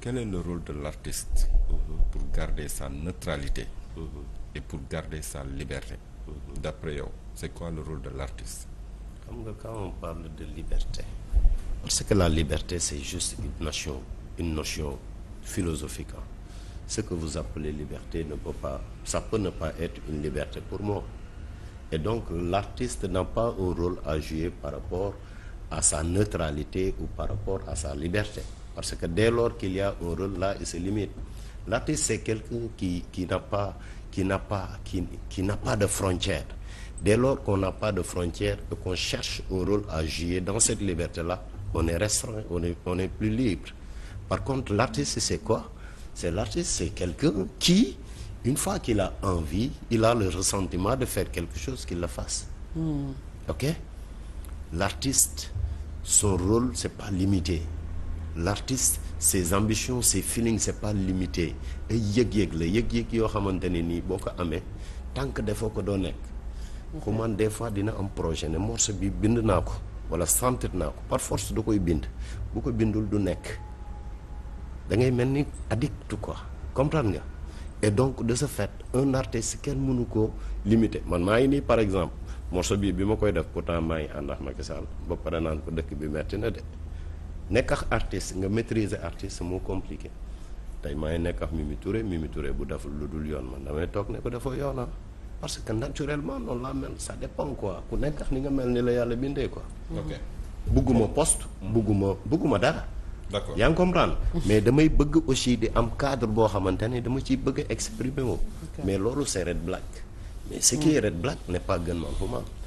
quel est le rôle de l'artiste euh, pour garder sa neutralité euh, et pour garder sa liberté euh, d'après yow c'est quoi le rôle de l'artiste xam nga quand on parle de liberté parce que la liberté c'est juste une notion philosophique ce que vous appelez liberté ne peut ne pas être une liberté pour moi et donc l'artiste n'a pas au rôle à jouer par rapport à sa neutralité ou par rapport à sa liberté Parce que dès lors qu'il y a un rôle là, il se limite. L'artiste, c'est quelqu'un qui, n'a pas, de frontières. Dès lors qu'on n'a pas de frontières et qu'on cherche un rôle à jouer dans cette liberté-là, on est restreint, on est, on est plus libre. Par contre, l'artiste, c'est quoi C'est l'artiste, c'est quelqu'un qui, une fois qu'il a envie, il a le ressentiment de faire quelque chose qu'il le fasse. Hmm. OK L'artiste, son rôle, c'est pas limité. l'artiste ses ambitions ses feelings c'est pas limité ay yëg-yëg la yëg-yëg yoo xamante ne nii boo ko amee tànk defoo ko doo nekk ku man des fois dina am projet ne morceau bi bind naa ko wala sentir naa ko par force du koy bind bu ko bindul du nekk dangay mel ni addict quoi comprendre nga et donc de ce fait un artiste kenn mënu koo limité man maa ngi nii par exemple morceau bii bi ma koy def pourtant maa ngi ànd ak ma Sall ba pare naan ko dëkk bi metti na de nekk ak artiste nga maîtriser artiste moo compliqué tey maa ngi nekk ak Mimi Touré Mimi Touré bu def lu dul yoon man damay toog ne ko defoo yoonal parce que naturellement noonu laa mel ça dépend quoi ku nekk ni nga mel ni la yàlla bindee quoi. ok bugguma poste. bugguma bugguma dara. d'accord yaa ngi comprendre mais damay bëgg aussi di am cadre boo xamante ne dama ciy bëgg a exprimer mais loolu c'est red black mais ce qui est red black n'est pas Gunman Humane